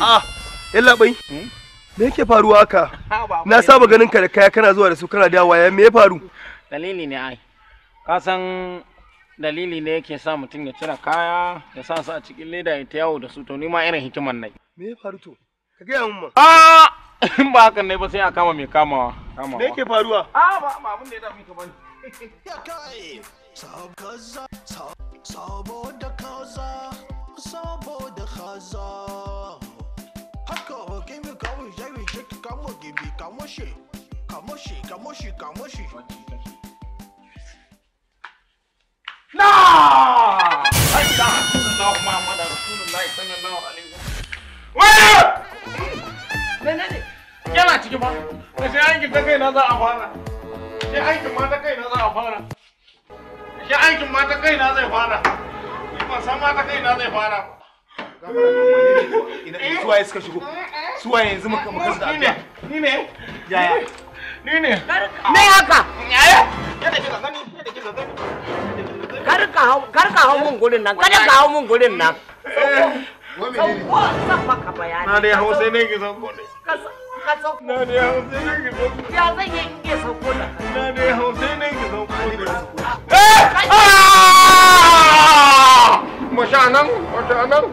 a ah, yalla bai me yake faruwa haka na saba ganin ka da kaya kana zuwa da su kana da ya me ya faru dalili ne ai ka san dalili ne yake sa mutum ya cire kaya ya sa su a cikin leda ya ta yawo da su to ni ma irin hikiman nan. me ya faru to ka gaya mun ma Ah, in ba hakan ne ba sai a kama mai kamawa kamawa me yake faruwa a ah, ba ba abin da ya dami ka bane ya kai saboda kaza saboda kaza saboda kaza Haka kimi kawai zai shiki kamo gibi kamo shi kamo shi kamo shi kamo shi. Na! Aisha, Allahu Muhammad Rasulullahi sallallahu alaihi wasallam. Menene? Yana cikin ba. Da sai aikin ta kai na za a fara. Sai aikin ma ta kai a aikin ma ta san ma ta ina suka shigo yanzu muka muka ni ne yaya ni ne ne haka yaya karka karka hau mun gurin nan kada ka hau mun gurin nan eh, na dai hau sai ne ki ka na hau sai ne ki zan in na dai hau sai ne ki eh ah masha nan masha nan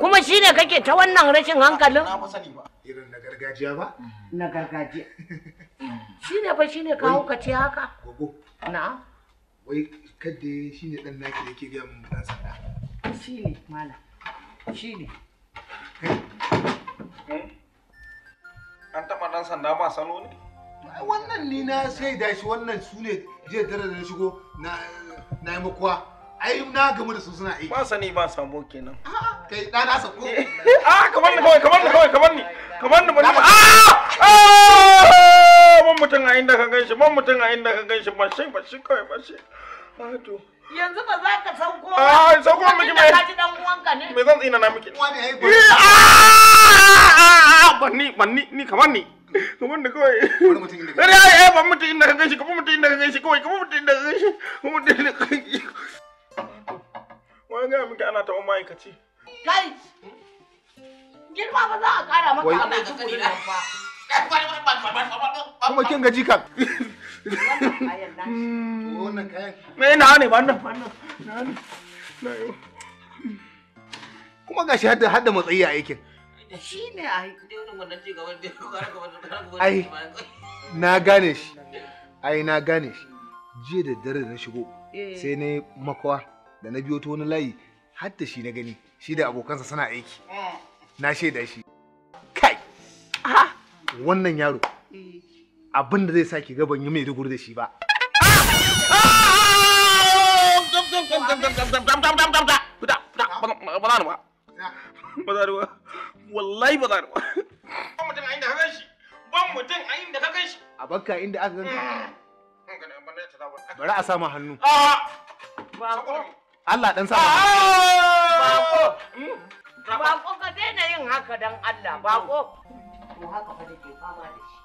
kuma shi ne kake ta wannan rashin hankalin na sani ba irin na gargajiya ba na gargajiya shi ne fa shi ne kawo ka ce haka gogo na wai kadda shi ne dan naki da ke ga mun dan sanda shi ne mala shi ne eh? an taɓa dan sanda ba salo ne wannan ni na sai da shi wannan su ne jiya dare da shigo na na yi makuwa ai na gamu da su suna aiki ba sani ba sabo kenan kai da na sako eh, Ah kamar ni kawai kamar ni kawai kamar ni kamar ni bari Ah mun mutum a inda ka ganshi mun mutum a inda ka ganshi ba shi ba shi kawai ba shi ah, to yanzu ba za ka san ko Ah san ko miki mai kaji dan uwanka ne me zan tsina na miki wani ai eh, ba Ah, ah, ah ban ni ni kamar ni kamar ni kawai wani mutum inda ka ganshi eh, inda ka ganshi kamar inda ka ganshi kawai kamar inda ka ganshi inda ka ganshi Wani gaya miki ana taɓa ma'aikaci. Kai! Girma ba za a ƙara maka fa. Kuma kin gaji kan. Me na ne ba nan hadda hadda matsayi a aikin. Shi ne a Ai, na gane shi. Ai, na gane shi. Jiya da dare na shigo. Eh. sai na makwa da na biyo ta wani layi har da shi na gani shi da abokansa suna aiki eh. na shaida shi kai wannan yaro eh. abin da zai sa ki gaban yi mai rigur da shi ba wallahi ba za ba a inda ka a inda ka aka bari a sama hannu ah! Allah dan sama ah! bako bako ka daina yin haka dan Allah bako to haka fa dake fama da shi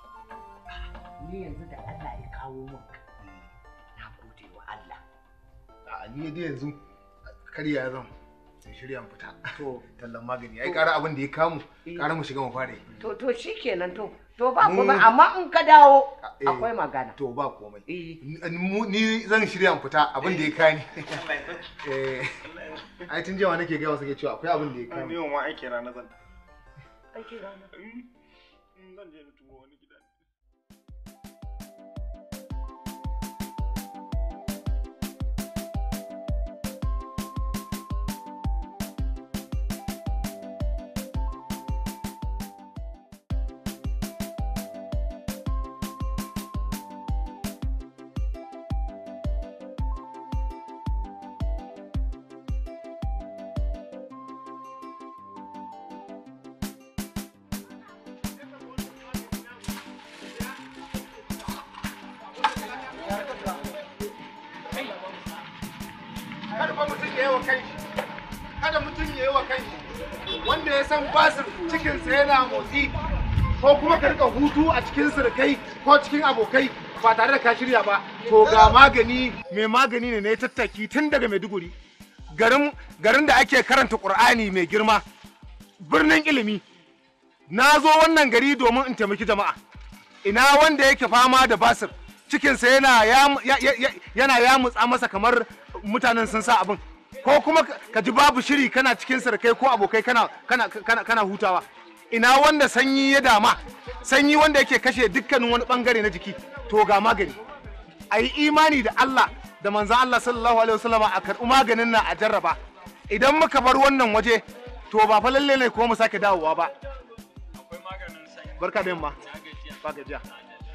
ni yanzu da Allah ya kawo min na gode wa Allah a ah, ni dai yanzu ya zan in shirya mu fita to tallan magani ai kara abin da ya kamu kara eh. mu shiga mu fare to to shikenan to To ba komai amma in ka dawo eh, akwai magana. To ba komai. Eh. Ni zan shirya in fita abin da ya kai eh. kani. Ai tun jawa nake gaya ke cewa akwai abin da ya kani. Ni ma aiki rana zan. Aiki rana. Mm, mm, zan je na tuwo wani ya yi wa kanshi wanda ya san basir cikinsa yana motsi ko kuma ka rika hutu a cikin sirkai ko cikin abokai ba tare da ka shirya ba to ga magani mai magani ne na ya tattaki tun daga maiduguri garin garin da ake karanta qur'ani mai girma birnin ilimi na zo wannan gari domin in taimaki jama'a ina wanda yake fama da basir cikinsa yana ya, yana yamutsa masa kamar mutanen sun sa abin ko kuma ka ji babu shiri kana cikin sarkai ko abokai kana kana kana hutawa ina wanda sanyi ya dama sanyi wanda yake kashe dukkanin wani bangare na jiki to ga magani a yi imani da Allah da manzan Allah sallallahu alaihi wasallam a karɓi maganin nan a jarraba idan muka bar wannan waje to ba fa lalle ne kuma mu sake dawowa ba akwai maganin sanyi barka da yamma ba gajiya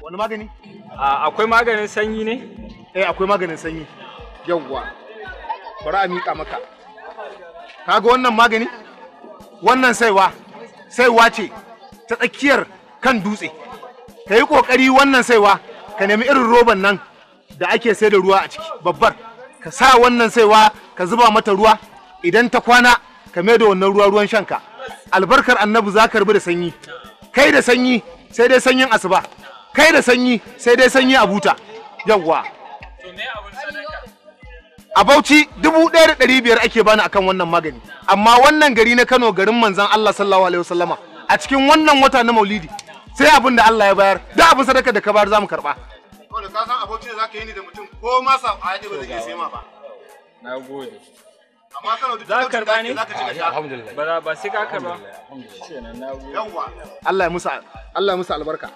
wani magani ah, akwai maganin sanyi ne eh akwai maganin sanyi yawwa bari a miƙa maka kaga wannan magani wannan saiwa saiwa ce ta tsakiyar kan dutse ka yi ƙoƙari wannan saiwa ka nemi irin roban nan da ake sai da ruwa a ciki babbar ka sa wannan saiwa ka zuba mata ruwa idan ta kwana ka mai da wannan ruwa ruwan shanka albarkar annabi za ka rubu da sanyi kai da sanyi sai dai sanyin asuba kai da sanyi sai dai sanyi a buta yawwa a Bauchi dubu ɗaya da ɗari biyar ake bani akan wannan magani amma wannan gari na Kano garin manzan Allah sallallahu alaihi wasallama a cikin wannan wata na Maulidi sai abin da Allah ya bayar da abin sadaka da ka bayar zamu karba wanda ka san ne Allah ya musa albarka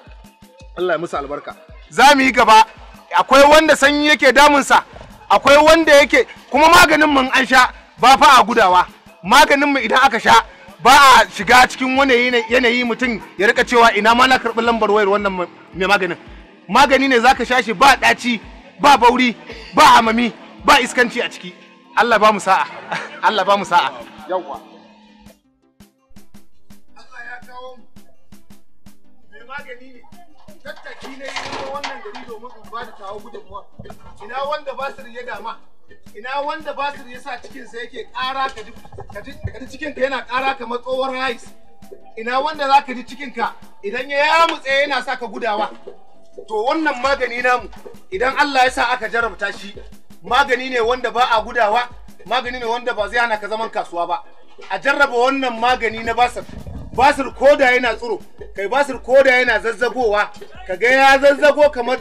Allah ya musu albarka za mu yi gaba akwai wanda sanyi yake damunsa akwai wanda yake kuma maganin mun an sha ba fa a gudawa maganin mu idan aka sha ba a shiga cikin wani yanayi mutum ya rika cewa ina ma na karɓi lambar wayar wannan mai maganin magani ne zaka sha shi ba ɗaci ba bauri ba amami ba iskanci a ciki Allah ba mu sa'a Allah ba mu sa'a yawwa Allah ya kawo mu mai magani ne tattaki na yi na wannan gari domin in ba da tawo gudunmuwa ina wanda basir ya dama ina wanda basir ya sa cikinsa yake ƙara ka ji cikinka yana ƙara kamar tsohon rayis ina wanda za ka ji cikinka idan ya yamutse yana sa ka gudawa to wannan magani namu idan Allah ya sa aka jarabta shi magani ne wanda ba a gudawa magani ne wanda ba zai hana ka zaman kasuwa ba a jarraba wannan magani na basir basir koda yana tsuro kai basir koda yana zazzagowa kaga ya zazzago kamar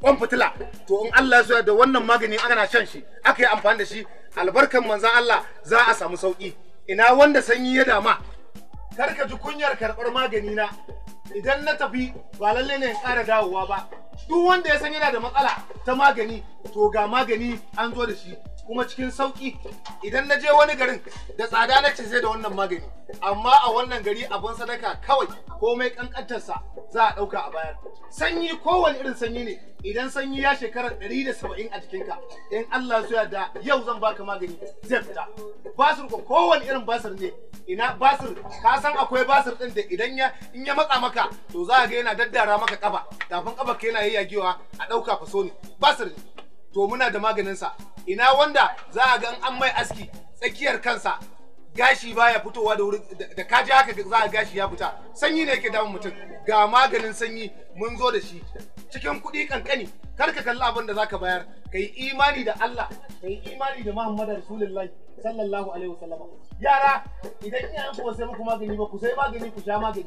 kwan fitila to in Allah ya da wannan magani ana shan shi aka yi amfani da shi albarkan manzan Allah za a samu sauki ina wanda sanyi ya dama kar ka ji kunyar karɓar magani na idan na tafi ba lalle ne in ƙara dawowa ba duk wanda ya san yana da matsala ta magani to ga magani an zo da shi kuma cikin sauki idan na je wani garin da tsada na ce sai da wannan magani amma a wannan gari abin sadaka kawai komai kankantarsa za a ɗauka a bayar sanyi kowane irin sanyi ne idan sanyi ya shekara 170 a jikinka in Allah su da yau zan baka magani zai fita basir ko kowane irin basir ne ina basir ka san akwai basir din da idan ya in ya matsa maka to za a ga yana daddara maka kafa kafin kafa ka yana yayyagewa a ɗauka faso ne basir ne to muna da maganin sa, ina wanda za a gan an mai aski tsakiyar kansa gashi baya fitowa da wuri da ka ji haka za a gashi ya fita sanyi ne yake damun mutum ga maganin sanyi mun zo da shi cikin kuɗi kankani kar ka kalli abin da zaka bayar ka yi imani da Allah ka yi imani da Muhammadu Rasulullahi sallallahu alaihi wasallam yara idan iyayen kuma sai muku magani ba ku sai magani ku sha magani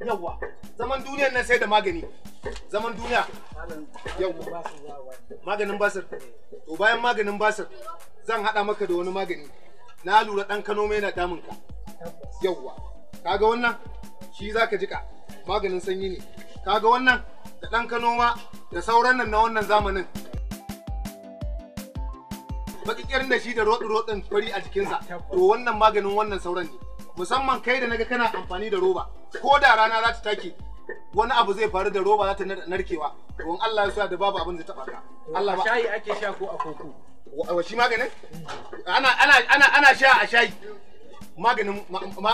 yawwa zaman duniyar nan sai da magani zaman duniya yawa maganin basir to bayan maganin basir zan hada maka da wani magani na lura ɗan kano mai na damun ka yawwa kaga wannan shi za ka jika maganin sanyi ne kaga wannan da ɗan kano ma da sauran nan na wannan zamanin baƙiƙirin da shi da roɗin-roɗin fari a jikinsa to wannan maganin wannan sauran ne musamman kai da naga kana amfani da roba ko da rana za ta take wani abu zai faru da roba za ta narkewa in Allah ya sa da babu abin da ta baka Allah ba shayi ake sha ko a koko wa shi maganin ana ana sha a shayi maganin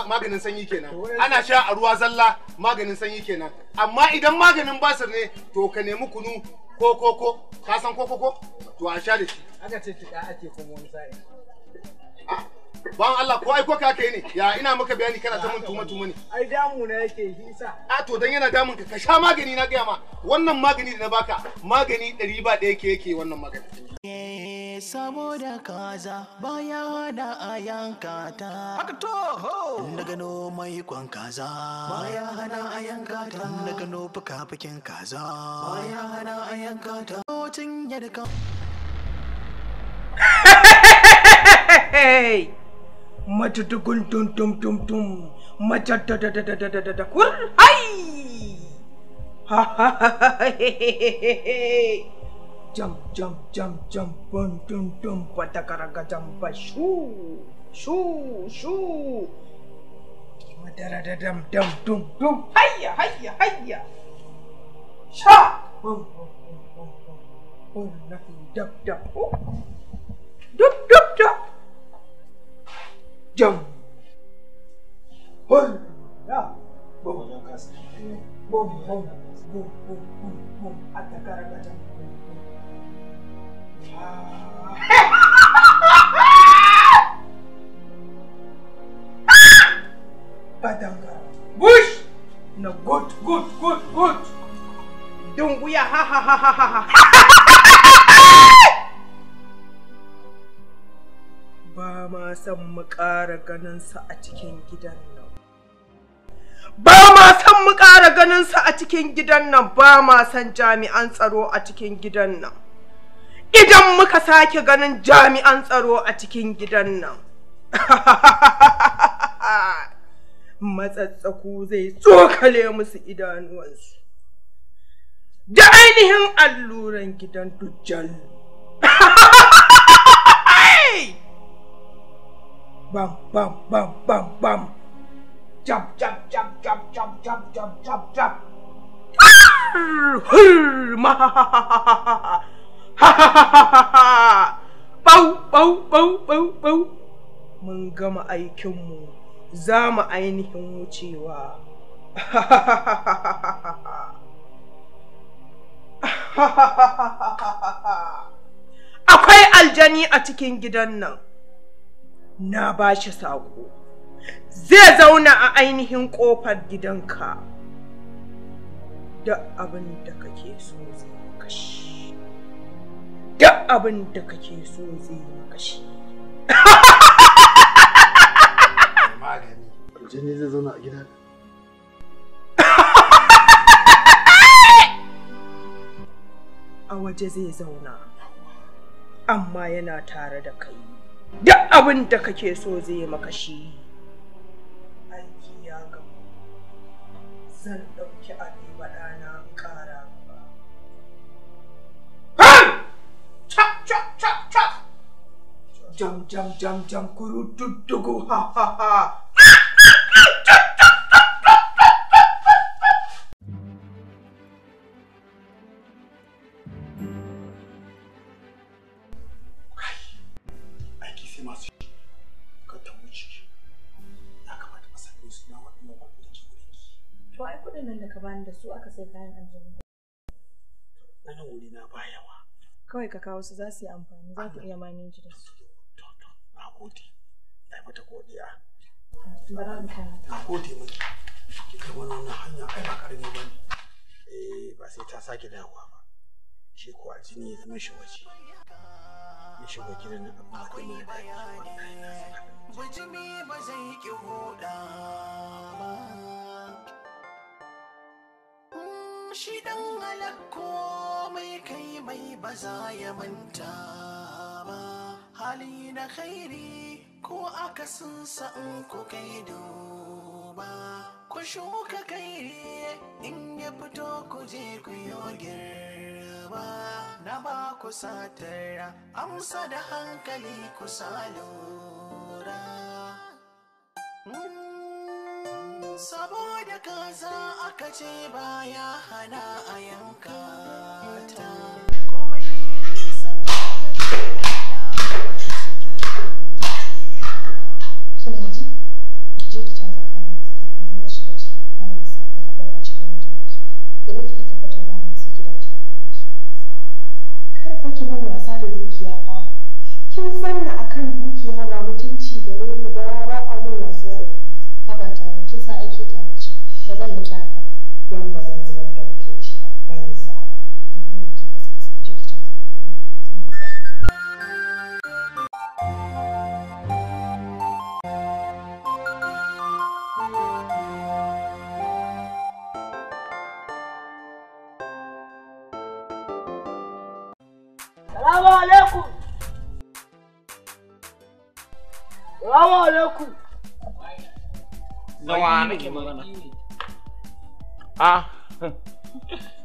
maganin sanyi kenan ana sha a ruwa zalla maganin sanyi kenan amma idan maganin basir ne to ka nemi kunu ko ko ko ka san ko ko ko to a sha da shi aka ce tuka ake kuma wani sa'in Ban Allah ko ko ka kai ne ya ina maka bayani kana ta mun tuma tuma ne. Ai damu na yake hisa. A to dan yana damun ka ka sha magani na gaya ma wannan magani da na baka magani ɗari ba ɗaya ke yake wannan magani. saboda kaza baya hana a yanka ta haka to ho na gano mai kwan kaza baya hana a yanka ta na gano fuka-fukin kaza baya hana a yanka ta tun yadda ka Hey! matutukun tum tum tum tum kur hai jump jump jump jump pun tum tum patakaraga jumpa shu shu shu madara da dum dum dum dum hayya hayya hayya sha bum bum bum bum bum bum bum bum bum bum jam hol ya bom bom bom bom bom bom bom hatta karaga jam Badanga. Bush! No, good, good, good, good. Dunguya, ah, ha ha ha ha ha ha. ba ma son mu ƙara ganinsa a cikin gidan nan. Ba ma son mu ƙara ganinsa a cikin gidan nan ba ma san jami'an tsaro a cikin gidan nan. Idan muka sake ganin jami'an tsaro a cikin gidan nan. Matsatsaku zai tsokale musu idanuwansu. Da ainihin alluran gidan dujjal. Hey! bam bam bam bam bam jump jump jump jump jump jump ha ha ha ha bau bau bau bau bau mun gama aikinmu za mu ainihin wucewa akwai aljani a cikin gidan nan na ba shi saƙo zai zauna a ainihin ƙofar gidanka da abin da kake so zai kashi. Da abin da kake so zai kashi. magani zai zauna a gidan a waje zai zauna amma yana tare da kai duk abin da kake so zai maka shi aiki ya gama zan ɗauki abin ɗana ƙara Jam jam jam jam kuru duddugu ha ha ha ah! masu shi ka ta wuce ya kamata ka sami su na waɗannan kuɗin da ke wurin ki. To ai kuɗin nan da ka bani da su aka sai kayan aljihu. Na nan wuri na ba yawa. Kawai ka kawo su za su yi amfani za ka iya maneji da su. To to na gode. Na mata godiya. Bara mu kana. Na gode miki. Ki kai wannan hanya ai ba karami ba ne. Eh ba sai ta sake dawowa ba. Shi ko jini ya zama shi waje. shiga gidan akwai bayani bijimi ba zai ki huda ba mm, shi dan halakko mai kai mai ba za ya manta ba hali na khairi ko aka sa in ku kai duba ku shuka kairi in ya fito ku je ku yi gaba na ba ku satara amsa da hankali ku lura mm, saboda kaza aka ce baya hana a yanka ta wa nake magana ah. a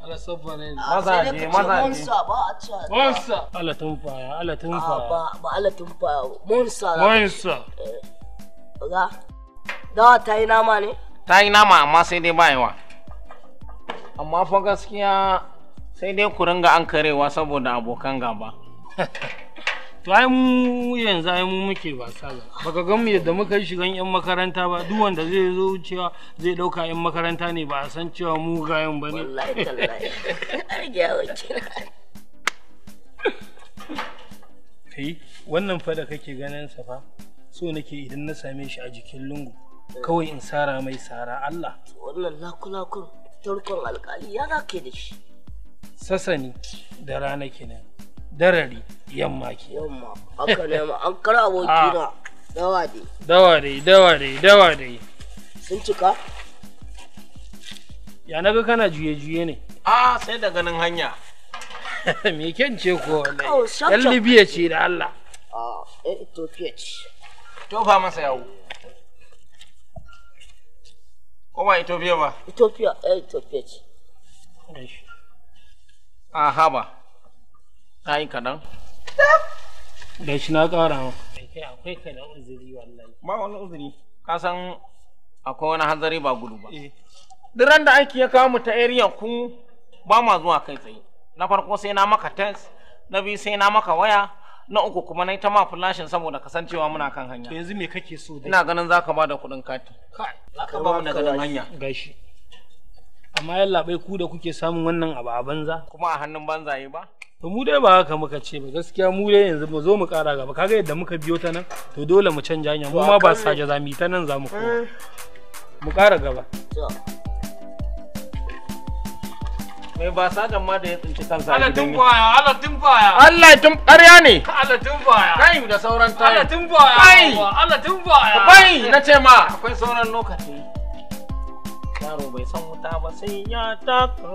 ala sabbare mazaje mazaje monsa ala tunfaya ala ba ba ala tunfaya monsa monsa eh, ga dawa ta yi nama ne ta yi nama amma sai dai bayawa amma fa gaskiya sai dai ku ringa an karewa saboda abokan gaba to ai mu yanzu ai mu muke wasa ba baka ga mu yadda muka yi shigan yan makaranta ba duk wanda zai zo cewa zai dauka yan makaranta ne ba a san cewa mu ga ba ne wallahi tallahi kai wannan fada kake ganin sa fa so nake idan na same shi a jikin lungu kawai in sara mai sara Allah wannan lakulakun tarkon alkali ya ke da shi sasani da rana kenan darari yamma ke yamma haka ne ma an kara aboki na ah. dawa dai dawa dai dawa dai dawa dai sun cika ya naga kana juye juye ne a sai da ganin hanya me kyan ce ko wallahi yan libiya ce da Allah a ethiopia ce tofa masa yawo ko ba ethiopia ba ethiopia eh, ethiopia ce aha ba Na yi kaɗan? Da shi na ƙara ma. Akwai kaɗan uzuri wallahi. Ba wani uzuri. Ka san akwai wani hanzari ba gudu ba. Eh. Duk ran da aiki ya kawo mu ta area ku ba ma zuwa kai tsaye. Na farko sai na maka test, na biyu sai na maka waya, na uku kuma na yi ta ma flashin saboda kasancewa muna kan hanya. Yanzu me kake so Ina ganin za ka ba da kuɗin kati. Za ka ba mu na ganin hanya. Gashi. amma yalla bai ku da kuke samun wannan abu a banza kuma a hannun banzaye ba to mu dai ba haka muka ce ba gaskiya mu dai yanzu mu zo mu kara gaba kaga yadda muka biyo ta nan to dole mu canja hanya mu ma ba saje za mu yi ta nan za mu eh. mu kara gaba mai ba sajan ma da ya tsinci kansa Allah tun baya Allah tun baya Allah tun ƙarya ne Allah tun baya kai da sauran tayi Allah tun baya Allah tun baya bai na ce ma akwai sauran lokaci yaro bai san wuta ba sai ya taka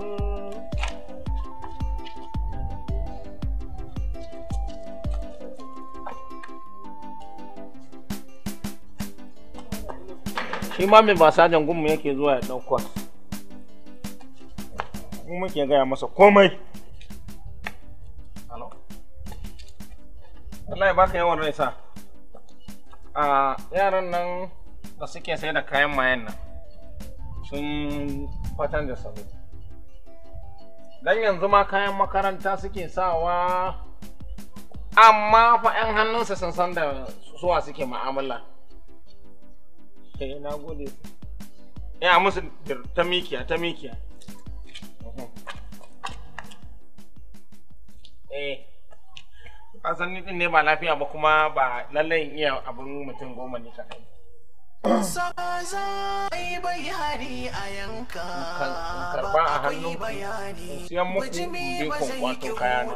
shi ma mai masajan gunmu yake zuwa ya ɗan kwas mu muke gaya masa komai Allah baka yawan rai sa a ah, yaran nan da suke sai da kayan mayan nan sun fatan da sabo dan yanzu ma kayan makaranta suke sawa amma fa 'yan hannunsa sun san da suwa suke ma'amala eh na gode ya musu ta mikiya ta mikiya eh ba ni ne ba lafiya ba kuma ba lallai iya abin mutum goma ne kaɗai Sazai a karba a hannun siyan muku bin kwato kaya na.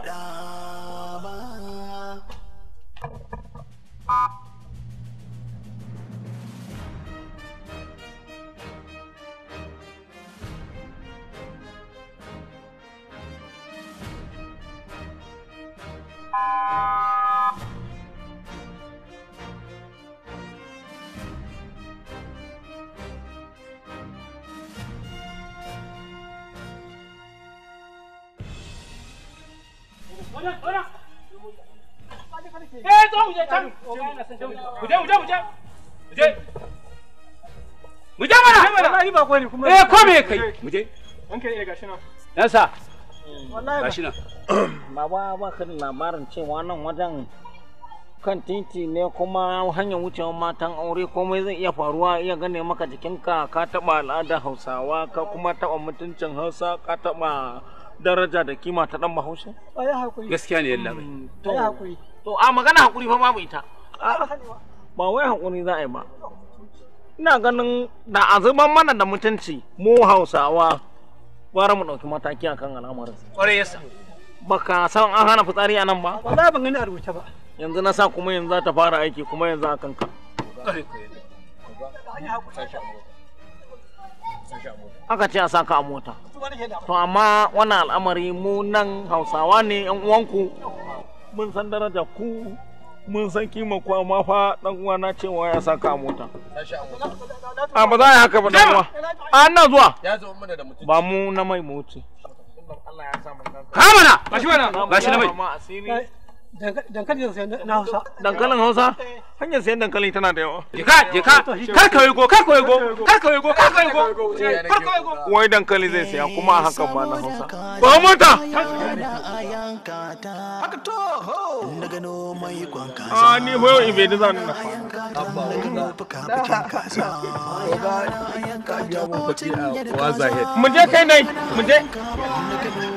mu je mana. ba kwani kuma. Eh, ko me kai? Mu je. Wanke ne gashi nan. Dan sa. Wallahi gashi nan. Baba ba kan labarin cewa nan wajen kan titi ne kuma hanyar wucewa matan aure komai zai iya faruwa iya gane maka jikinka ka taba al'ada hausawa ka kuma taba mutuncin hausa ka taba daraja da kima ta dan bahaushe? Ai hakuri. Gaskiya ne yalla bai. Mm, to ya hakuri. To a magana hakuri fa babu ita. Ba wai hakuri za a yi ba. Ina ganin da azuman mana da mutunci mu Hausawa bara mu dauki mataki akan al'amarin. Kware yasa. Baka san an hana fitsari a nan ba? za ban gani a rubuce ba. Yanzu na sa kuma yanzu za ta fara aiki kuma yanzu akan ka. aka ce a saka a mota to amma wannan al'amari mu nan hausawa ne yan uwanku mun san daraja ku mun san kima ku amma fa dan na cewa ya saka a mota a ba za a yi haka ba dan uwa a na zuwa ba mu na mai mota kamana gashi mana gashi na mai dankalin sayan hausa hanyar sayan dankali tana da yawa jika jika kar ka wego kar ka wego kar ka wego kar ka wego kar ka wego wai dankali zai saya kuma a hakan ba na hausa ba mota haka to daga no mai kwanka a ni hoyo in bai da zan na abba wanda fuka fukin kasa ga yanka jawo fati a wa zahid mu je kai nai mu je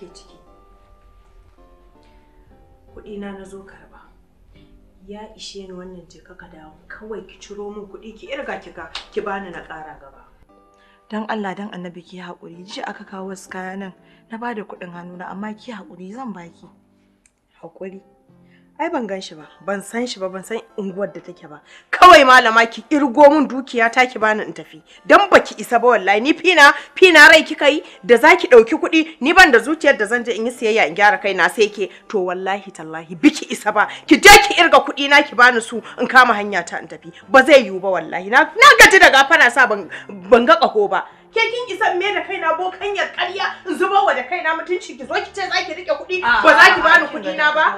ake ciki kuɗina na zo karba ya ishe ni wannan je ka dawo kawai ki ciro min kuɗi ki irga ki ga ki bani na ƙara gaba dan Allah dan annabi ki hakuri, ji aka kawo wasu kaya nan na bada kuɗin na amma ki haƙuri zan baki hakuri. ai ban gan shi ba ban san shi ba ban san unguwar da take ba kawai malama ki irgo mun dukiya ta ki bani in tafi dan baki isa ba wallahi ni fina fina rai kika yi da zaki dauki kuɗi ni ban da zuciyar da zan je in yi siyayya in gyara kaina sai ke to wallahi tallahi biki isa ba ki je ki irga kuɗi na ki bani su in kama hanya ta in tafi ba zai yiwu ba wallahi na na gaji da gafara sa ban ban ga kaho ba ke kin isa me da kaina bokanyar ƙarya in zuba wa da kaina mutunci ki zo ki ce zaki rike kuɗi ba za ki bani kuɗi na ba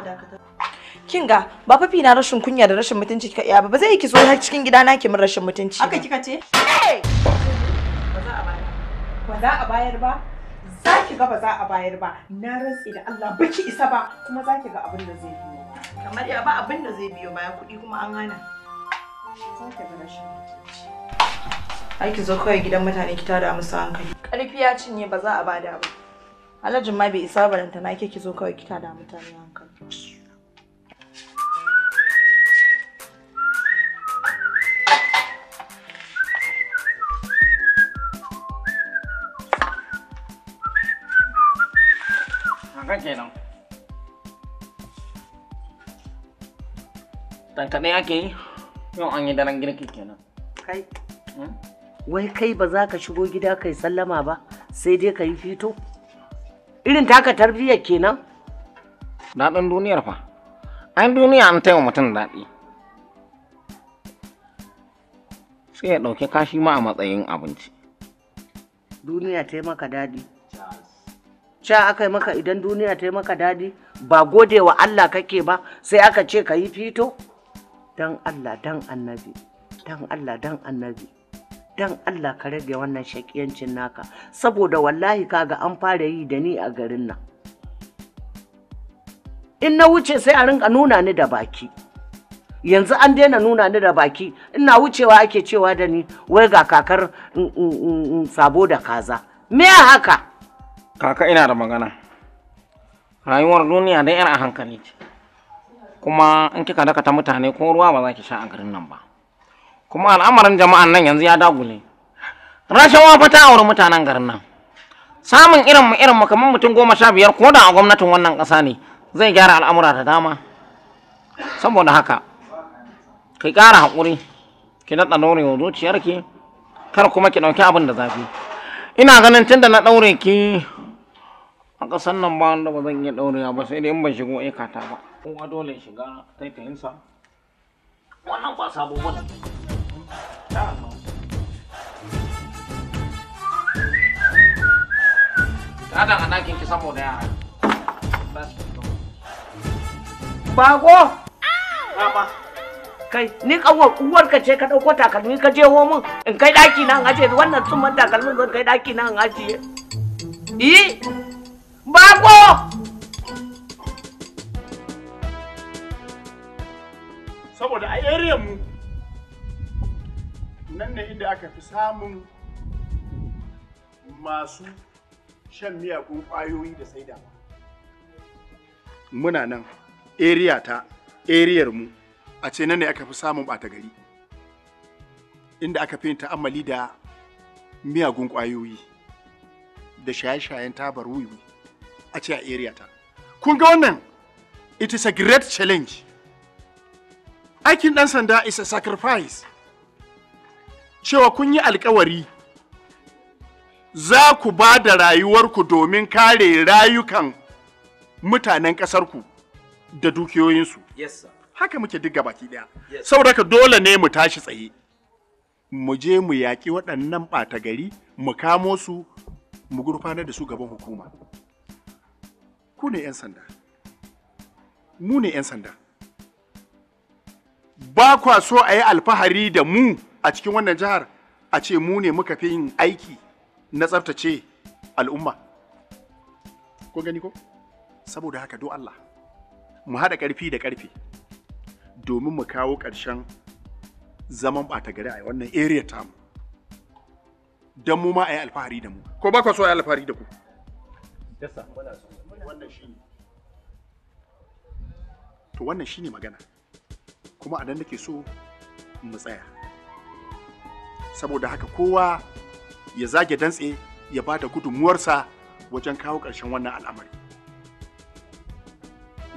kin ga ba fafi na rashin kunya da rashin mutunci kika iya ba ba zai ki zo har cikin gida na ki min rashin mutunci haka kika ce ba za a bayar ba za ki ga ba za a bayar ba na rantsi da Allah ba ki isa ba kuma za ki ga abin da zai biyo kamar ya ba abin da zai biyo baya kuɗi kuma an hana za ki ai ki zo kawai gidan mutane ki tada musu hankali ƙarfi ya cinye ba za a bada ba alhajin ma bai isa baranta na ke ki zo kawai ki tada mutane hankali kaka kenan tankaɗe ake yi yau an yi daren girki kenan kai wai kai ba za ka shigo gida kai sallama ba sai dai ka yi fito irin taka tarbiyyar kenan daɗin duniyar fa an duniya an taiwa mutum daɗi sai ya ɗauki kashi ma a matsayin abinci duniya taimaka daɗi Ca aka yi maka idan duniya ta yi maka daɗi ba gode wa Allah kake ba sai aka ce ka yi fito? Don Allah don annabi, don Allah don annabi, don Allah ka rage wannan shaƙiyancin naka saboda wallahi kaga an fara yi da ni a garin nan. In na wuce sai a rinka nuna ni da baki. yanzu an daina nuna ni da baki ina wucewa ake cewa da ni wai ga kakar mm, mm, mm, sabo da kaza me haka kaka ina da magana rayuwar duniya dai yana hankali ce kuma in kika dakata mutane ko ruwa ba za ki sha a garin nan ba kuma al'amarin jama'an nan yanzu ya dagule rashawa fa ta auri mutanen garin nan samun irin mu irin mu kamar mutum goma sha biyar ko da a gwamnatin wannan ƙasa ne zai gyara al'amura da dama saboda haka ki ƙara haƙuri ki daɗa ɗaure wa zuciyarki kar kuma ki ɗauki abin da zafi ina ganin tunda na ɗaure ki a ƙasar nan ba wanda ba zan iya ɗaurewa ba sai dai in ban shigo aikata ba kuma dole shiga taitayinsa wannan ba sabo ba ne a ɗakin ki saboda yara. Bago! Rama. Kai, ni kanwar uwarka ce ka dauko takalmi ka je homin in kai daki na in ajiye wannan tsumman takalmin zan kai daki na in ajiye. Yi! Bako! Saboda a area mu nan ne inda aka fi samun masu shan miyagun ƙwayoyi da saida. Muna nan, area ta, eriyar mu, a ce nan ne aka fi samun ɓata gari. Inda aka fi yin ta'ammali da miyagun ƙwayoyi da shaye-shayen tabar wiwi. a ce a area ta kun ga wannan it is a great challenge aikin dan sanda is a sacrifice cewa kun yi alkawari za ku ba da rayuwarku domin kare rayukan mutanen ƙasarku da dukiyoyinsu. Yes, Haka muke duk baki ɗaya. Yes, Sauraka dole ne mu tashi tsaye. Mu je mu yaƙi waɗannan ɓata gari, mu kamo su, mu gurfanar da su gaban hukuma. ku ne 'yan sanda mu ne 'yan sanda ba kwa so a yi alfahari da mu a cikin wannan jihar a ce mu ne muka fi yin aiki na tsaftace al'umma ko gani ko saboda haka do Allah mu haɗa ƙarfi da ƙarfi domin mu kawo ƙarshen zaman ɓata gari a wannan area mu don mu ma a yi alfahari da mu ko ba kwa so a yi alfahari da ku dasa wannan to wannan shi ne magana kuma a nan nake so mu tsaya saboda haka kowa ya zage dantse ya ba da gudunmuwarsa wajen kawo ƙarshen wannan al'amari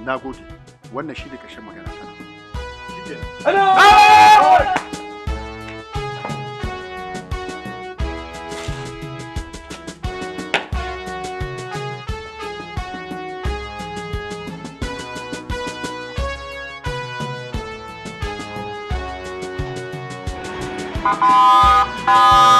na gode wannan shi ne ƙarshen magana ta nan Thank you.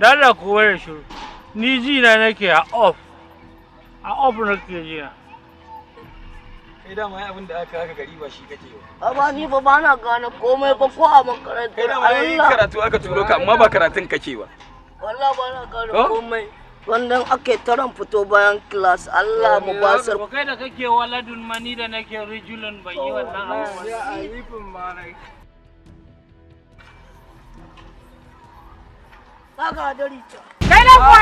Dalla kuwa da shiru. Ni ji na nake a off. A off nake ji na. Kai dama ya abin da aka aka gari ba shi kake yi. Amma ni ba ba na gane komai ba ko a makaranta. Kai da ya yi karatu aka turo ka amma ba karatun kake ba. Wallah ba na gane oh? komai. Wannan ake taron fito bayan kilas Allah mu basar. Ba kai da kake waladun mani da nake rijulun ban yi wannan abubuwa. Ya alifin ma Saka da rica. Kai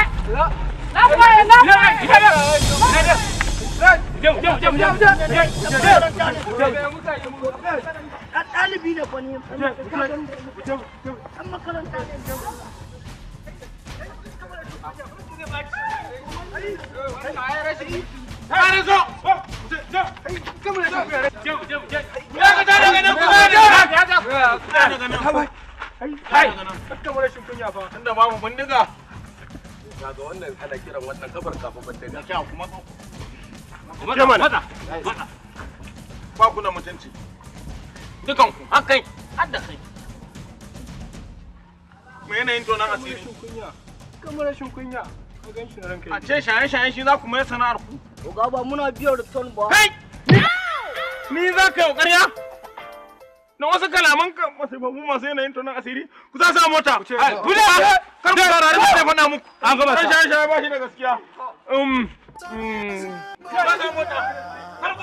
kai kakka mara shin kunya fa tunda ba mu bindiga kaga wannan ana kiran wannan kafar kafa bindiga kya kuma kuma da mata ba ku na mutunci dukan ku har kai har kai me yanayin to nan asiri kunya ka gan shi a ce shaye shaye shi za ku mai sana'ar ku ga ba muna biyar ton ba kai ni za ka yi ƙarya na wasu kalaman masu masu yanayin tonon asiri ku za um, mm. sa mota kar ku saurari da zai faɗa muku an gaba sa ba da gaskiya um sa mota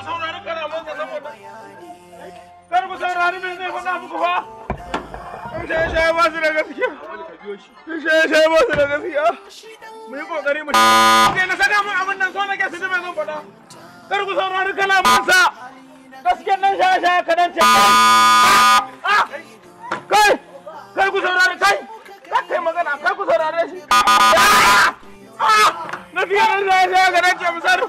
saurari kalaman ka da gaskiya shaye shaye ba su da gaskiya mu da mai zan sa sha ka dan ce ah! kai kai ku saurare kai ka kai magana kai ku saurare shi ah! Ah! na fiye da sha ka dan ce musar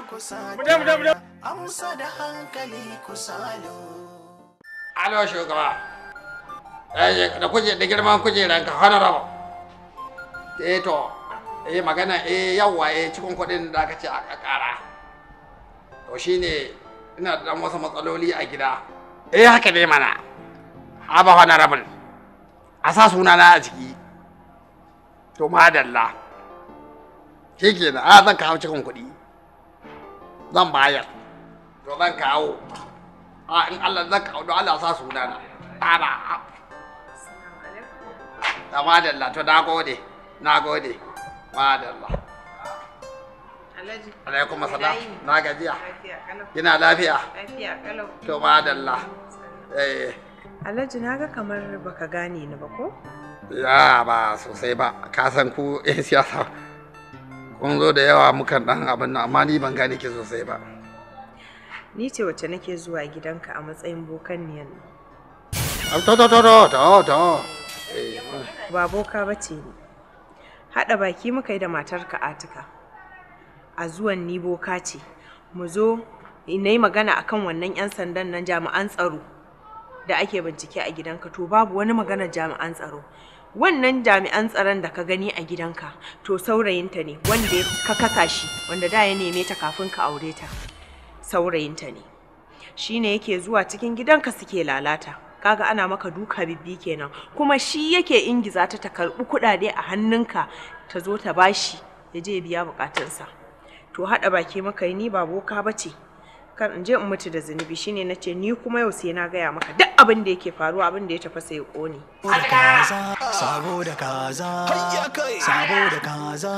amsa da hankali ku salo alo shugaba eh, da kuje da girman kujeran ka honorable eh to eh magana eh yawa eh cikin kuɗin da aka ce a ƙara to shine ina da wasu matsaloli a gida eh haka ne mana haba honorable a sa na a jiki to madalla shi na a zan kawo cikin kuɗi zan bayar to zan kawo a in Allah zan kawo don Allah sa na ta da madalla to na gode na gode madalla Alhaji. Alaikum assalam. Na gajiya. Kina lafiya? Lafiya kalau. To madalla. Eh. Alhaji naga kamar baka gane ni ba ko? Ya ba sosai ba. Ka san ku yan siyasa. Kun zo da yawa mukan dan abin nan amma ni ban gane ki sosai ba. Ni ce wacce nake zuwa gidanka a matsayin bokan niyan. To to to to to. Eh. Ba boka bace ni. Hada baki muka yi da matarka Atika. a zuwan ni boka ce mu zo na yi magana akan wannan 'yan sandan nan jami'an tsaro da ake bincike a gidanka to babu wani magana jami'an tsaro wannan jami'an tsaron da ka gani a gidanka to saurayinta ne wanda ka kasa shi wanda da ya neme ta kafin ka aure ta saurayinta ne shine yake zuwa cikin gidanka suke lalata kaga ana maka duka bibbi kenan kuma shi yake ingiza ta ta karbi kudade a hannunka ta zo ta bashi ya je biya bukatunsa to haɗa baki maka yi ni ba boka ba ce kan in je in mutu da zunubi shine na ce ni kuma yau sai na gaya maka duk abin da yake faruwa abin da ya tafasa ya ƙone. Sabo da kaza, sabo da kaza, sabo da kaza.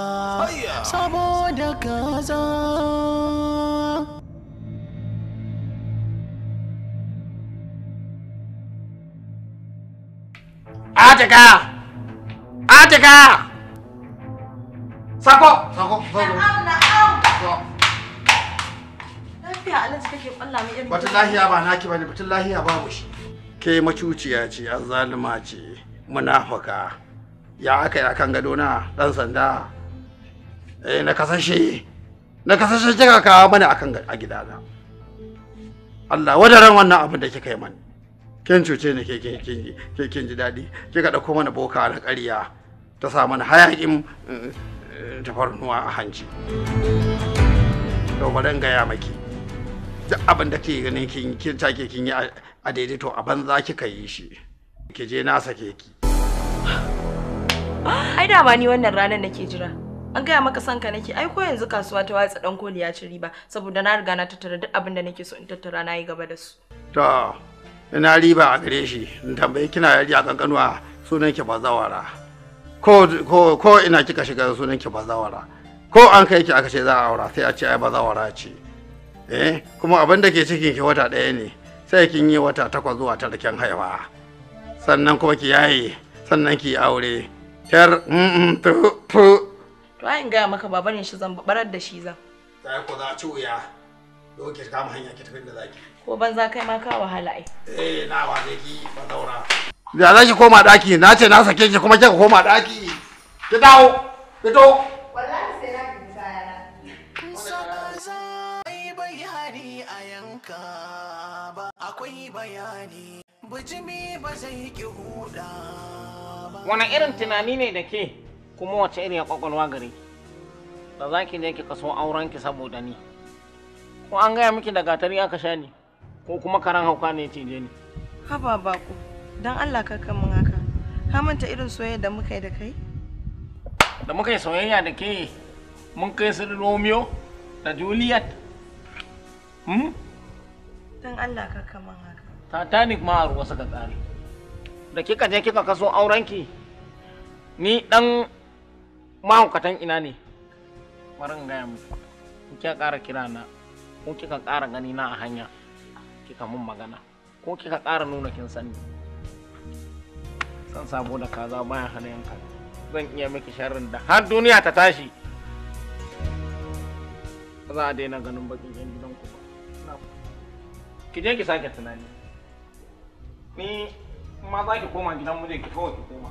Atika! Atika! Sako! Sako! Sako! Lafiya Batun lahiya ba naki bane, batun lahiya ba shi. Ke macuciya ce, azzaluma ce, munafaka. Ya aka yi kan gado na dan sanda. Eh na kasashe. Na kasashe kika kawo mana akan a gidana. Allah wadaran wannan abin da kika yi mani. Kin cuce ne ke kin ji daɗi. Kika ɗauko mana boka na ƙarya. Ta sa mana hayaƙin tafarnuwa a hanci yau bari gaya maki duk abin da ke ganin kin kin take kin yi a daidaito a banza kika yi shi ki je na sake ki ai da ba ni wannan ranar nake jira an gaya maka sanka nake ai ko yanzu kasuwa ta watsa dan koli ya ci riba saboda na riga na tattara duk abin da nake so in tattara na yi gaba da su to ina riba a gare shi in tambayi kina yari a kankanuwa sunan ki ba zawara. ko ina kika shiga sunan ki bazawara ko an kai ki aka ce za a aura sai a ce ai bazawara ce eh kuma abin da ke cikin ki wata ɗaya ne sai kin yi wata takwas zuwa tara kin haifa sannan kuma ki yaye sannan ki aure yar mm to mm, to to ai in ga maka baban shi zan barar da shi zan sai ko za a ci wuya dole ki hanya ki tafi da zaki ko banza kai ma ka wahala ai eh na wa ki bazawara da za ki koma daki na ce na sake ki kuma kika koma daki ki dawo fito a yanka wani irin tunani ne da ke kuma wace irin kwakwalwa gare da za ki je ki kaso auren ki saboda ni ko an gaya miki da gatari aka sha ni ko kuma karan hauka ne ya cije ni haba ku. Don Allah kakkan mun haka. Ka manta irin soyayya da muka yi da kai? Da muka yi soyayya da ke mun kai su Romeo da Juliet. Hmm? Don Allah kakkan mun haka. Titanic ma a ruwa suka tsari. Da kika je kika kaso aurenki ni dan mahaukatan ina ne. Warin gaya muku. Kika ƙara kira na ko kika ƙara gani na a hanya kika mun magana ko kika ƙara nuna kin sani. san da kaza baya hana yanka zan iya miki sharrin da har duniya ta tashi za a daina ganin bakin yan gidan ku ba ki je ki sake tunani ni ma za ki koma gidan mu ki kawai ki koma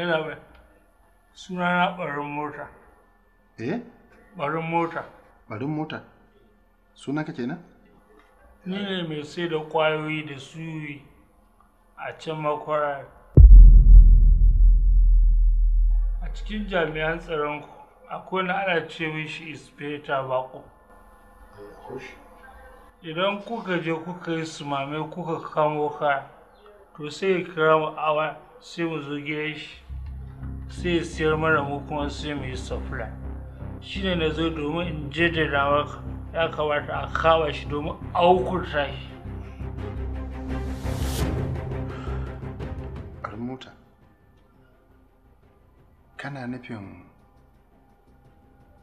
Yana Suna na ɓarin mota. Eh? Ɓarin mota. mota? Suna ka kenan? Ni ne mai sai da ƙwayoyi da suyi a can makwara. A cikin jami'an tsaron ku akwai na ana ce mishi inspector bako. Idan kuka je kuka yi sumame kuka kamo ka to sai ya kira mu awa sai mu zo gidan shi. sai siyar mara mu kuma sai mu yi shi ne na zo domin in je da maka ya kamata a kawo shi domin aukuta shi almuta kana nufin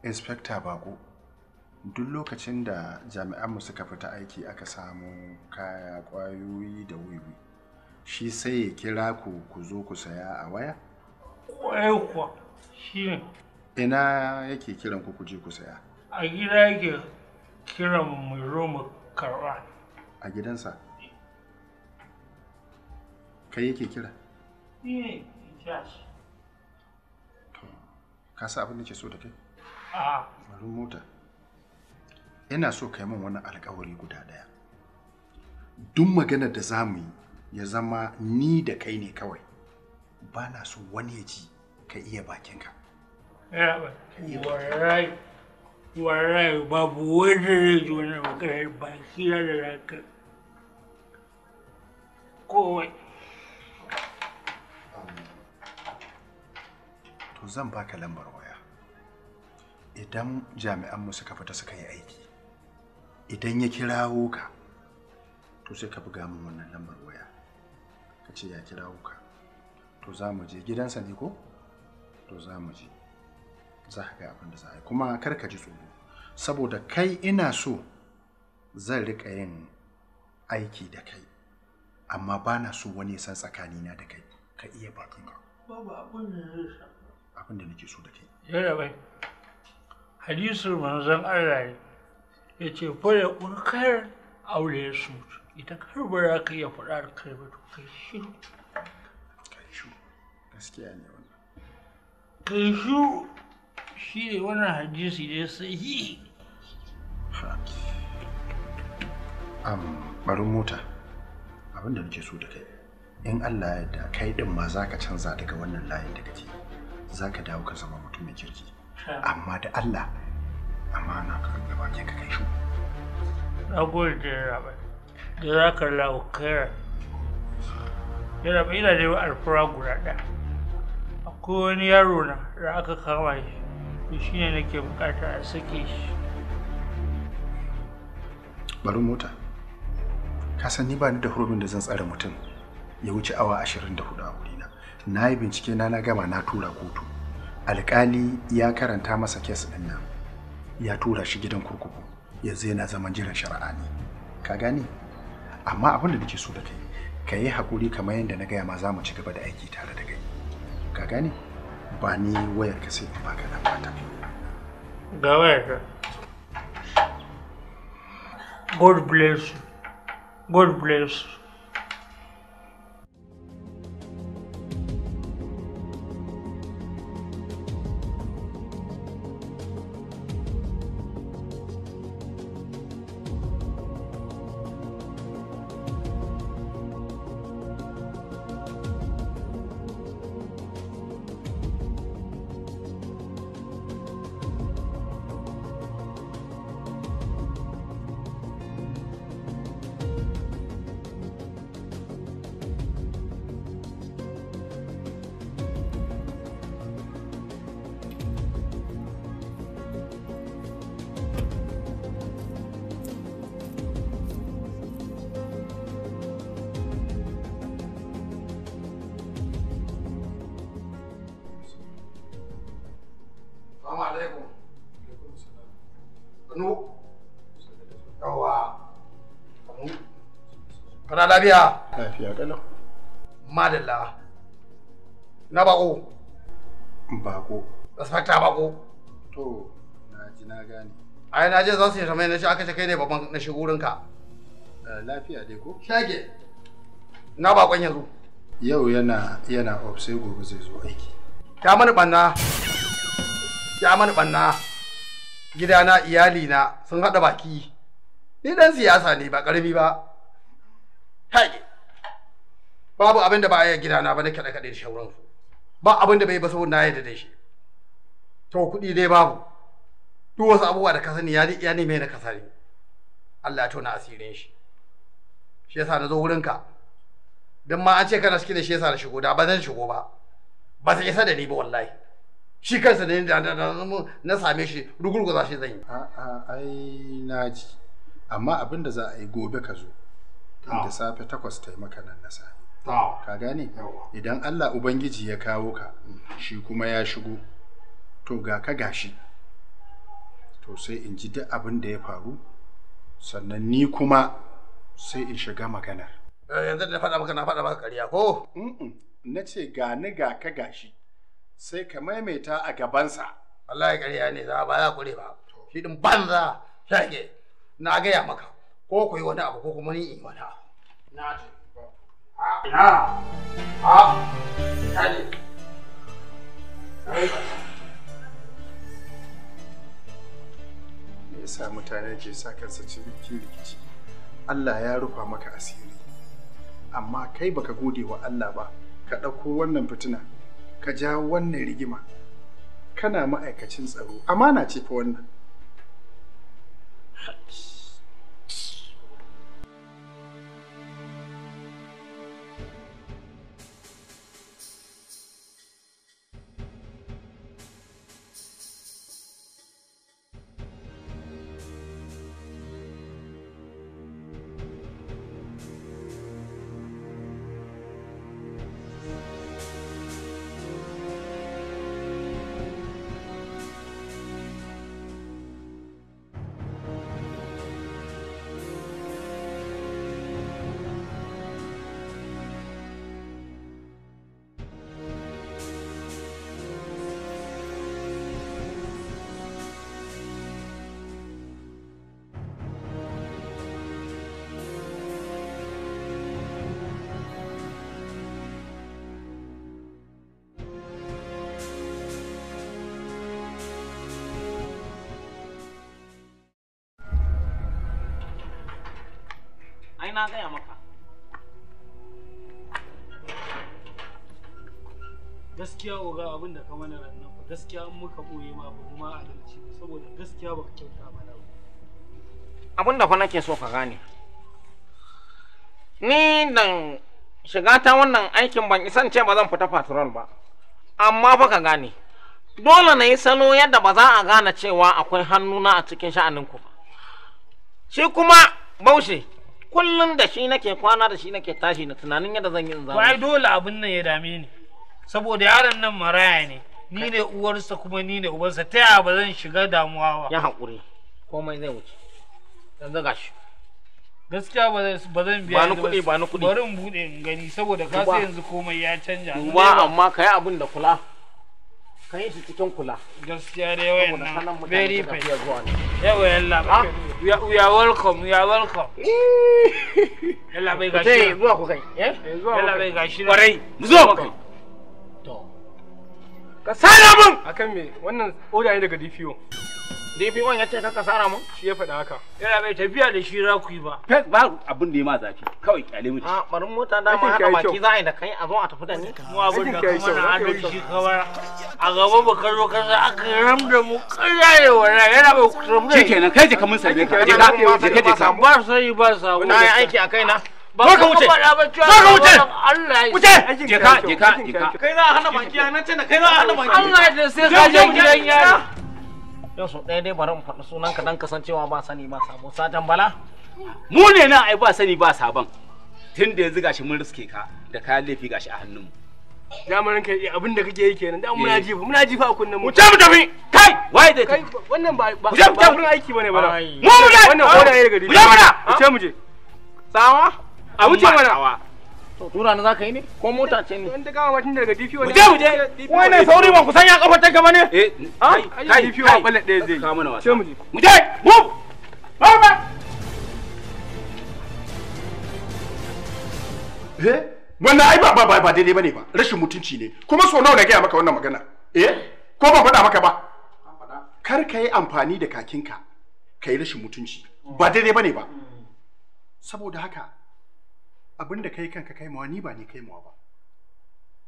Inspekta bako duk lokacin da jami'anmu suka fita aiki aka samu kaya kwayoyi da wiwi shi sai ya kira ku ku zo ku saya a waya? Kwayo kuwa shi ne. Ina yake kiran ku kuje ku saya? A gida yake kiran mu zo mu karɓa. A gidansa? Kai yake kira? Ni ne To, ka sa abin da ke so da kai? A'a. Marin mota. Ina so kai min wani alkawari guda ɗaya. Duk maganar da za mu yi ya zama ni da kai ne kawai. Bana na so wani ya ji ka iya bakinka. Yeah, Babu wanda zai zo na makarar baki da raka. To zan baka lambar waya. Idan jami'anmu suka fita suka yi aiki, idan ya kirawo ka, to sai ka buga min wannan lambar waya. Ka ce ya kirawo ka. to za mu je gidansa ne ko to za mu je za ka ga abin da za a yi kuma kar ka ji tsoro saboda kai ina so zan riƙa yin aiki da kai amma ba na so wani ya san tsakanina da kai ka iya bakin ka abin da zai abin da nake so da kai yara bai hadisul manzon Allah ya ce fara kurkar aure su ita kar ba za ka iya faɗa da kai ba to kai shiru gaskiya ne wannan kai shi ne wannan hadisi ne sahihi am barin mota abin da nake so da kai in Allah ya yarda kai din ma zaka canza daga wannan layin da kake zaka dawo ka zama mutum mai kirki amma da Allah amana ka gaba ke ka kai shi na gode da rabai da zaka lau kai yana bai da alfura guda ɗaya Ko wani yaro na da aka kama shi to shi ne nake bukata a sake shi bari mota ka san ni ba ni da hurumin da zan tsare mutum ya wuce awa 24 a wurina na yi bincike na na gama na tura kotu alkali ya karanta masa kes din nan ya tura shi gidan kurkuku yanzu yana zaman jiran shari'a ne ka gane amma abin da nake so da kai ka yi hakuri kamar yadda na gaya ma za mu ci gaba da aiki tare da kai ka gane ba ni wayar ka sai in baka dan fata ga wayar ka God bless you. God bless you. lafiya lafiya kalau madalla na bako bako respecta bako to na ji na gane ai na je za su yi tamai na shi aka kai ne babban na shigurinka eh, lafiya dai ko shage na bakon yanzu yau yana yana off gobe zai zo aiki ta mani banna ya mani banna gidana iyalina sun haɗa baki ni dan siyasa ne ba ƙarami ba kai babu abin da ba ya gidana ba na kaɗe kaɗe da shauransu ba abin da bai ba saboda na yadda da shi to kuɗi dai babu duk wasu abubuwa da ka sani ya ya neme na ka sani Allah ya tona asirin shi shi yasa na zo wurinka don ma an ce kana cikin da shi yasa na shigo da ba zan shigo ba ba zai isa da ni ba wallahi shi kansa ne da na same shi rugurguza shi zan yi a'a ai na ji amma abin da za a yi gobe ka zo da safe takwas ta yi maka nan na safe ka gane idan Allah Ubangiji ya kawo ka shi kuma ya shigo to ga ka gashi to sai in ji duk abin da ya faru sannan ni kuma sai in shiga maganar eh, yanzu da faɗa maka na faɗa maka ƙarya ko na ce gani ga ka gashi sai ka maimaita a gabansa ya ƙarya ne za ba ya kure ba shi din banza shage na gaya maka ko ku yi wani abu ko kuma ni in wani na ce Ha? ina Ha? ina ne me yasa mutane ke sa kansa cikin rikici Allah ya rufa maka asiri amma kai baka gode wa Allah ba ka ɗauko wannan fitina ka jawo wannan rigima kana ma'aikacin tsaro amana ce fa wannan ai na gaya maka gaskiya oga abin da ka mana rannan ku gaskiya an muka boye ma ba ma adalci ba saboda gaskiya ba ka kyauta mana ba abin da fa nake so ka gane ni nan shiga ta wannan aikin ban isan ce ba zan fita patrol ba amma fa ka gane dole na yi salo yadda ba za a gane cewa akwai hannuna a cikin sha'aninku. ba shi kuma baushe kullum da shi nake kwana da shi nake tashi na tunanin yadda zan yi in zama ai dole abin nan ya dame ni saboda yaron nan maraya ne ni ne uwarsa kuma ni ne ubansa ta yaya ba zan shiga damuwa ba ya haƙuri komai zai wuce yanzu shi. gaskiya ba zan biya ni kuɗi ba ni kuɗi bari in buɗe in gani saboda ka sai yanzu komai ya canja duba amma ka yi abin da kula ka yi shi cikin kula gaskiya dai wayan nan very fine yawa yalla ba we are welcome we are welcome yalla bai gashi sai zuwa ku kai eh, eh yalla bai gashi kwarai zuwa ku kai to ka sana mun akan me wannan oda ne daga DPO DPO ya ce kaka Shi ya haka. Yana tafiya da shi za ku yi ba. Fes ba abin da ya ma zafi. Kawai kyale mu. Ah, barin mota da ma haka baki za a yi da kai a zo a tafi da ni. Mu abin da kuma na kawai. A gaba ka zo aka ram da mu ƙarya wa na yana bai kusurum kai je ka mun sarbe ka. Je ka je ka samu. Ba sai ba sabo. Na yi aiki a kaina. ba ka wuce ba ka wuce wuce je ka je ka je ka kai za hana baki a nan kai hana baki Allah ya sai ka je gidan yari yau sau ɗaya dai bari mu faɗi sunan ka dan kasancewa ba sani ba sabo sajan bala mu ne na ai ba sani ba sabon tun da yanzu gashi mun riske ka da kayan laifi gashi a hannun mu hannunmu damarin kai abin da kake yi kenan da muna eh. jifa muna jifa a kunnen mu mu tafi kai waye dai kai wannan ba ba ba mun aiki bane ba mu mu wannan ko da yayi daga mu je mu je tsawa a wuce mana tura na zaka yi ne ko mota ce ne wanda gawa mashin daga DPO ne mu je mu je sauri ban kusan ya kafar tanka bane eh ah, ai ai DPO a ɗaya zai mana wasa mu je mu ba ba eh wannan ai ba ba ba daidai bane ba rashin mutunci ne kuma so nawa na gaya maka wannan magana eh ko ban faɗa maka ba kar ka yi amfani da kakinka ka yi rashin mutunci ba daidai bane ba hmm. saboda haka abin da kai kanka kai mawa ni ba ni kai mawa ba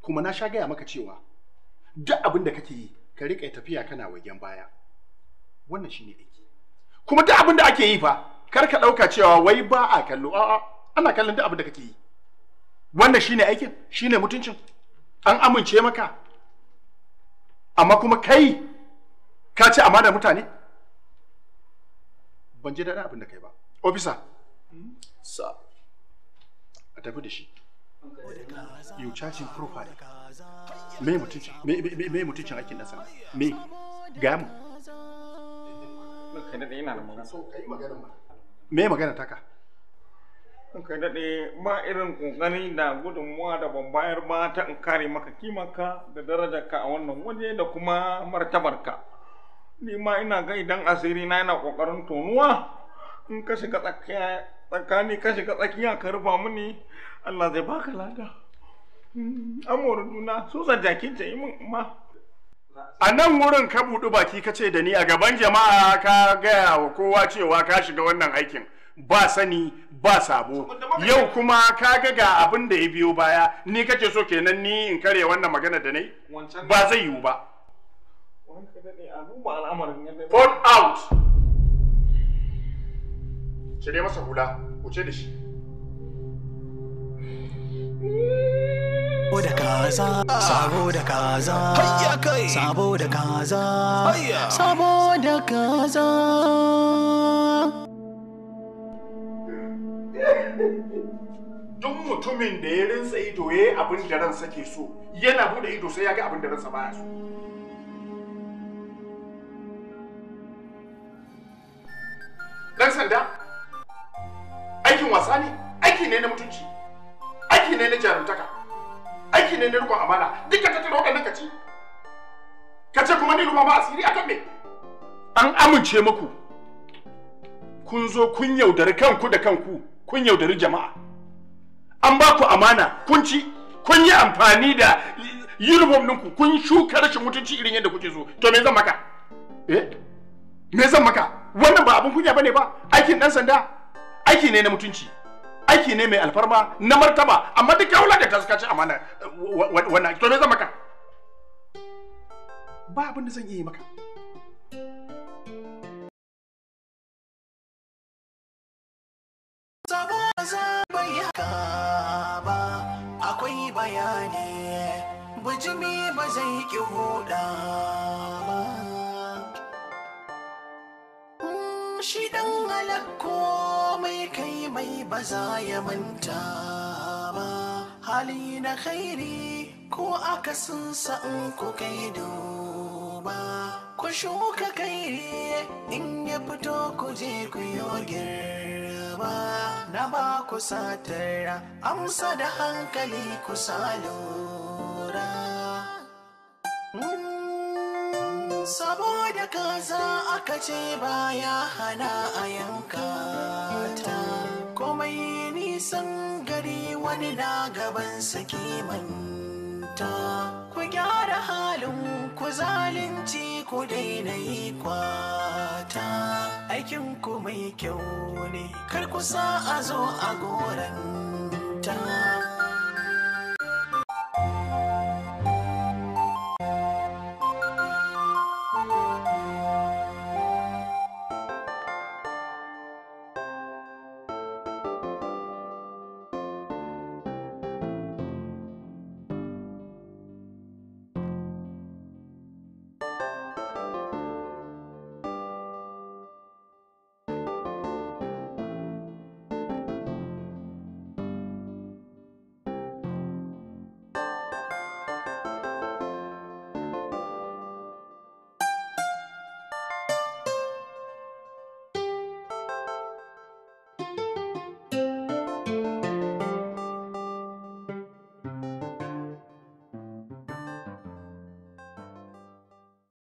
kuma na sha gaya maka cewa duk abin da kake yi ka riƙa tafiya kana wagen baya wannan shine aiki kuma duk abin da ake yi fa kar ka ɗauka cewa wai ba a kallo a'a ana kallon duk abin da kake yi wannan shine aikin shine mutuncin an amince maka amma kuma kai ka ci amana mutane ban ji daɗin abin da kai ba ofisa hmm? sir ka tafi da shi you charging profile me mutuncin me mutuncin aikin dan sanda me ga mu so kai magana ma me magana taka kai daɗe ba irin ƙoƙari da gudunmuwa da ban bayar ba ta in kare maka kimanka da darajarka a wannan waje da kuma martabarka ni ma ina ga idan asiri na yana ƙoƙarin tonuwa in ka shiga tsakiya tsakani ka shiga tsakiya ka rufa mini Allah zai baka lada hmm, amoru duna so san ta yi min ma a nan wurin ka buɗi baki ka ce da ni a gaban jama'a ka gaya wa kowa cewa ka shiga wannan aikin ba sani ba sabo yau kuma ka ga ga abin da ya biyo baya ni kake so kenan ni in kare wannan magana da nai ba zai yiwu ba Put out! cire masa hula wuce da shi da kaza sabo da kaza sabo da kaza sabo da kaza duk mutumin da ya rinsa ido ya yi abin da ransa ke so yana bude ido sai ya ga abin da ransa ya so dan sanda aikin wasa ne aiki ne na mutunci aiki ne na jarumtaka aiki ne na rikon amana duka tattara waɗannan ka ci ka ce kuma ni ruwa ma asiri akan me an amince muku kun zo kun yaudari kanku da kanku kun yaudari jama'a an ba ku amana kun ci kun yi amfani da uniform ɗinku kun shuka rashin mutunci irin yadda kuke so to me zan maka eh me zan maka wannan ba abin kunya bane ba aikin dan sanda aiki ne na mutunci aiki ne mai alfarma na martaba amma duk yawon da ta suka ci amana aiki to me zan maka ba abin zan iya yi maka akwai bayani bijimi ba zai ki huda ba mm, shi dan kai mai baza ya manta ba hali na khairi ko aka akasin in ku kai ba, ku shuka kairi in ya fito ku je ku yi ba na ba ku satara amsa da hankali ku salo kaza aka ce baya hana a yanka ta komai nisan gari wani na gaban sakimanta ku gyara halin ku zalunci ku daina yi kwata aikin ku mai kyau ne kar ku sa a zo a goranta